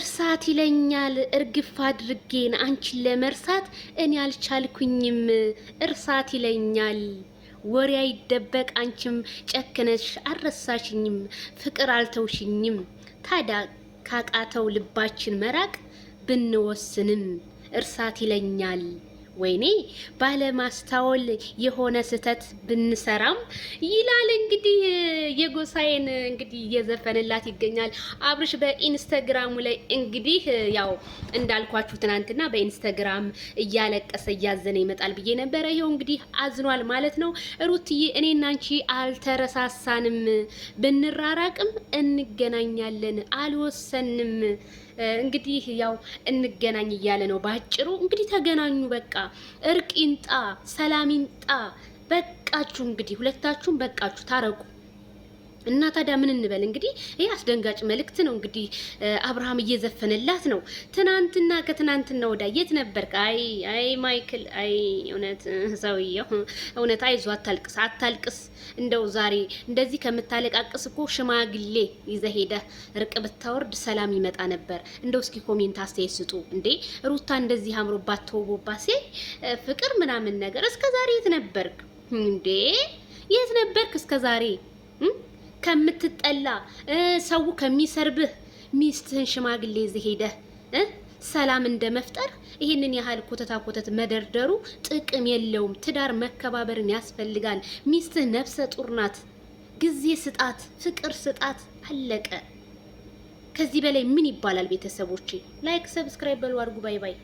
መርሳት ይለኛል እርግፍ አድርጌን አንቺን ለመርሳት እኔ አልቻልኩኝም። እርሳት ይለኛል ወሬ አይደበቅ አንቺም ጨክነሽ አልረሳሽኝም፣ ፍቅር አልተውሽኝም። ታዲያ ካቃተው ልባችን መራቅ ብንወስንም እርሳት ይለኛል ወይኔ ባለማስታወል የሆነ ስህተት ብንሰራም ይላል እንግዲህ የጎሳዬን እንግዲህ እየዘፈንላት ይገኛል አብርሽ በኢንስተግራሙ ላይ እንግዲህ ያው እንዳልኳችሁ ትናንትና በኢንስተግራም እያለቀሰ እያዘነ ይመጣል ብዬ ነበረ። ይኸው እንግዲህ አዝኗል ማለት ነው። ሩትዬ እኔና አንቺ አልተረሳሳንም፣ ብንራራቅም እንገናኛለን፣ አልወሰንም እንግዲህ ያው እንገናኝ እያለ ነው። ባጭሩ እንግዲህ ተገናኙ በቃ እርቅ ይንጣ፣ ሰላም ይንጣ። በቃችሁ እንግዲህ ሁለታችሁም በቃችሁ ታረቁ። እና ታዲያ ምን እንበል እንግዲህ ይህ አስደንጋጭ መልእክት ነው። እንግዲህ አብርሃም እየዘፈነላት ነው። ትናንትና ከትናንትና ወዳ የት ነበርክ? አይ አይ ማይክል አይ እውነት ሰውየው እውነት አይዞ፣ አታልቅስ አታልቅስ። እንደው ዛሬ እንደዚህ ከምታለቃቅስ እኮ ሽማግሌ ይዘህ ሄደህ እርቅ ብታወርድ ሰላም ይመጣ ነበር። እንደው እስኪ ኮሜንት አስተያየት ስጡ እንዴ! ሩታ እንደዚህ አምሮባት ተውቦባት ሴ ፍቅር ምናምን ነገር እስከ ዛሬ የት ነበርክ እንዴ? የት ነበርክ እስከ ዛሬ? ከምትጠላ ሰው ከሚሰርብህ ሚስትህን ሽማግሌ ይዘህ ሄደህ ሰላም እንደ መፍጠር ይህንን ያህል ኮተታ ኮተት መደርደሩ ጥቅም የለውም። ትዳር መከባበርን ያስፈልጋል። ሚስትህ ነፍሰ ጡር ናት። ጊዜ ስጣት፣ ፍቅር ስጣት። አለቀ። ከዚህ በላይ ምን ይባላል? ቤተሰቦቼ ላይክ፣ ሰብስክራይብ በሉ አድርጉ። ባይ ባይ።